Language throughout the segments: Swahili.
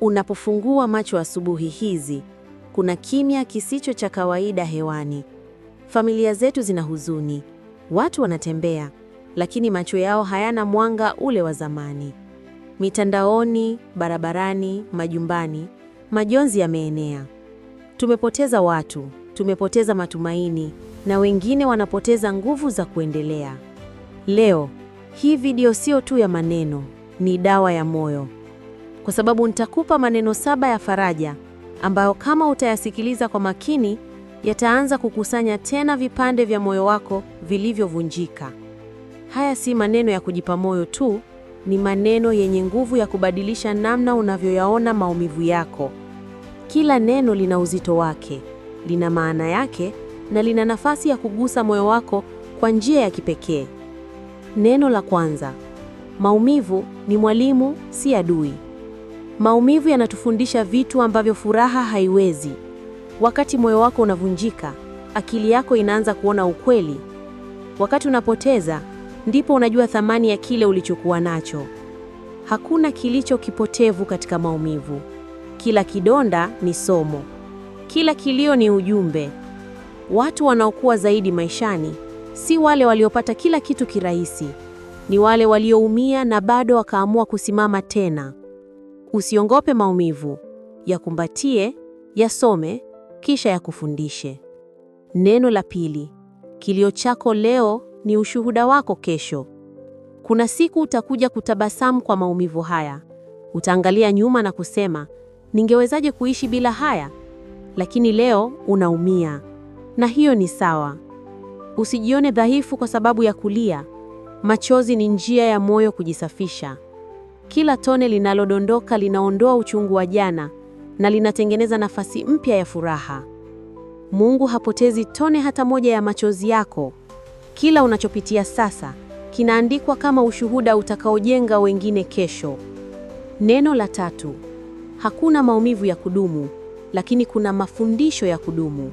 Unapofungua macho asubuhi hizi, kuna kimya kisicho cha kawaida hewani. Familia zetu zina huzuni, watu wanatembea, lakini macho yao hayana mwanga ule wa zamani. Mitandaoni, barabarani, majumbani, majonzi yameenea. Tumepoteza watu, tumepoteza matumaini, na wengine wanapoteza nguvu za kuendelea. Leo hii video sio tu ya maneno, ni dawa ya moyo kwa sababu nitakupa maneno saba ya faraja ambayo kama utayasikiliza kwa makini yataanza kukusanya tena vipande vya moyo wako vilivyovunjika. Haya si maneno ya kujipa moyo tu, ni maneno yenye nguvu ya kubadilisha namna unavyoyaona maumivu yako. Kila neno lina uzito wake, lina maana yake na lina nafasi ya kugusa moyo wako kwa njia ya kipekee. Neno la kwanza: maumivu ni mwalimu, si adui. Maumivu yanatufundisha vitu ambavyo furaha haiwezi. Wakati moyo wako unavunjika, akili yako inaanza kuona ukweli. Wakati unapoteza, ndipo unajua thamani ya kile ulichokuwa nacho. Hakuna kilicho kipotevu katika maumivu. Kila kidonda ni somo, kila kilio ni ujumbe. Watu wanaokuwa zaidi maishani si wale waliopata kila kitu kirahisi, ni wale walioumia na bado wakaamua kusimama tena. Usiongope maumivu, yakumbatie, yasome, kisha yakufundishe. Neno la pili, kilio chako leo ni ushuhuda wako kesho. Kuna siku utakuja kutabasamu kwa maumivu haya, utaangalia nyuma na kusema, ningewezaje kuishi bila haya? Lakini leo unaumia, na hiyo ni sawa. Usijione dhaifu kwa sababu ya kulia. Machozi ni njia ya moyo kujisafisha. Kila tone linalodondoka linaondoa uchungu wa jana na linatengeneza nafasi mpya ya furaha. Mungu hapotezi tone hata moja ya machozi yako. Kila unachopitia sasa kinaandikwa kama ushuhuda utakaojenga wengine kesho. Neno la tatu, hakuna maumivu ya kudumu, lakini kuna mafundisho ya kudumu.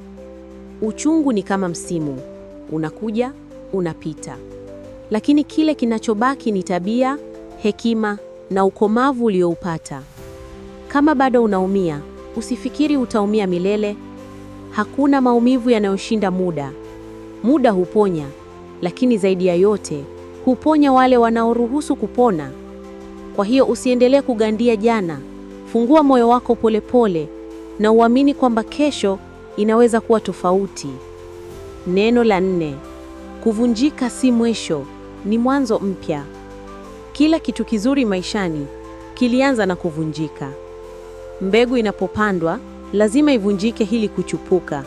Uchungu ni kama msimu, unakuja, unapita, lakini kile kinachobaki ni tabia, hekima na ukomavu ulioupata. Kama bado unaumia, usifikiri utaumia milele. Hakuna maumivu yanayoshinda muda. Muda huponya, lakini zaidi ya yote huponya wale wanaoruhusu kupona. Kwa hiyo usiendelee kugandia jana, fungua moyo wako polepole pole, na uamini kwamba kesho inaweza kuwa tofauti. Neno la nne: kuvunjika si mwisho, ni mwanzo mpya. Kila kitu kizuri maishani kilianza na kuvunjika. Mbegu inapopandwa lazima ivunjike ili kuchupuka.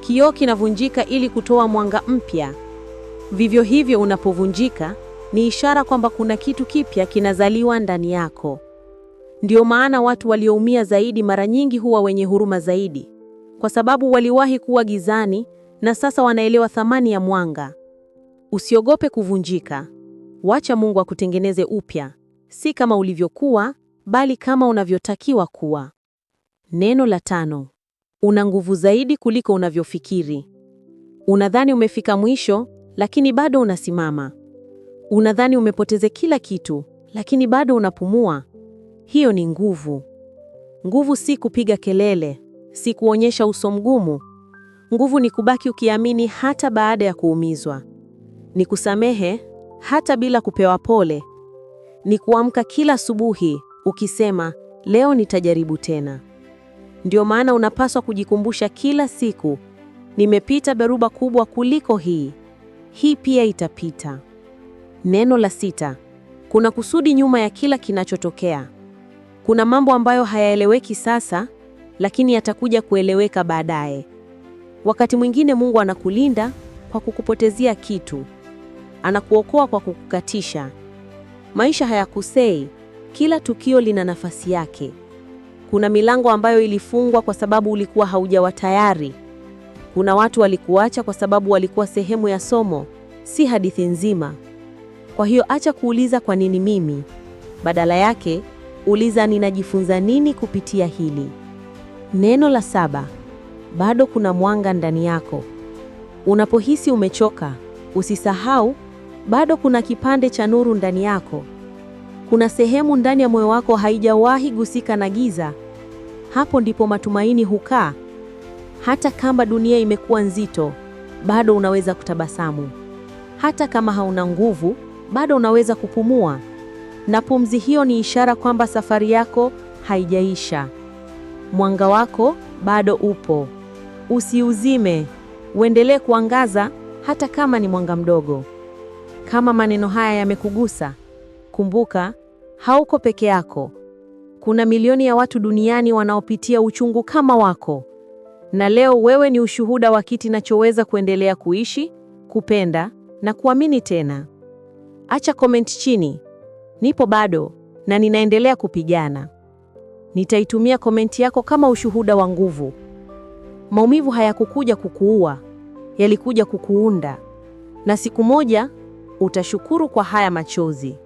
Kioo kinavunjika ili kutoa mwanga mpya. Vivyo hivyo, unapovunjika ni ishara kwamba kuna kitu kipya kinazaliwa ndani yako. Ndio maana watu walioumia zaidi mara nyingi huwa wenye huruma zaidi, kwa sababu waliwahi kuwa gizani na sasa wanaelewa thamani ya mwanga. Usiogope kuvunjika, Wacha Mungu akutengeneze upya, si kama ulivyokuwa, bali kama unavyotakiwa kuwa. Neno la tano: una nguvu zaidi kuliko unavyofikiri. Unadhani umefika mwisho, lakini bado unasimama. Unadhani umepoteza kila kitu, lakini bado unapumua. Hiyo ni nguvu. Nguvu si kupiga kelele, si kuonyesha uso mgumu. Nguvu ni kubaki ukiamini hata baada ya kuumizwa, ni kusamehe hata bila kupewa pole. Ni kuamka kila asubuhi ukisema leo nitajaribu tena. Ndio maana unapaswa kujikumbusha kila siku, nimepita dhoruba kubwa kuliko hii, hii pia itapita. Neno la sita, kuna kusudi nyuma ya kila kinachotokea. Kuna mambo ambayo hayaeleweki sasa, lakini yatakuja kueleweka baadaye. Wakati mwingine Mungu anakulinda kwa kukupotezea kitu anakuokoa kwa kukukatisha. Maisha hayakusei, kila tukio lina nafasi yake. Kuna milango ambayo ilifungwa kwa sababu ulikuwa haujawa tayari. Kuna watu walikuacha kwa sababu walikuwa sehemu ya somo, si hadithi nzima. Kwa hiyo acha kuuliza kwa nini mimi, badala yake uliza ninajifunza nini kupitia hili. Neno la saba, bado kuna mwanga ndani yako. Unapohisi umechoka, usisahau bado kuna kipande cha nuru ndani yako. Kuna sehemu ndani ya moyo wako haijawahi gusika na giza. Hapo ndipo matumaini hukaa. Hata kama dunia imekuwa nzito, bado unaweza kutabasamu. Hata kama hauna nguvu, bado unaweza kupumua, na pumzi hiyo ni ishara kwamba safari yako haijaisha. Mwanga wako bado upo, usiuzime. Uendelee kuangaza hata kama ni mwanga mdogo. Kama maneno haya yamekugusa, kumbuka, hauko peke yako. Kuna milioni ya watu duniani wanaopitia uchungu kama wako, na leo wewe ni ushuhuda wa kiti nachoweza kuendelea kuishi, kupenda na kuamini tena. Acha comment chini, nipo bado na ninaendelea kupigana. Nitaitumia komenti yako kama ushuhuda wa nguvu. Maumivu hayakukuja kukuua, yalikuja kukuunda, na siku moja Utashukuru kwa haya machozi.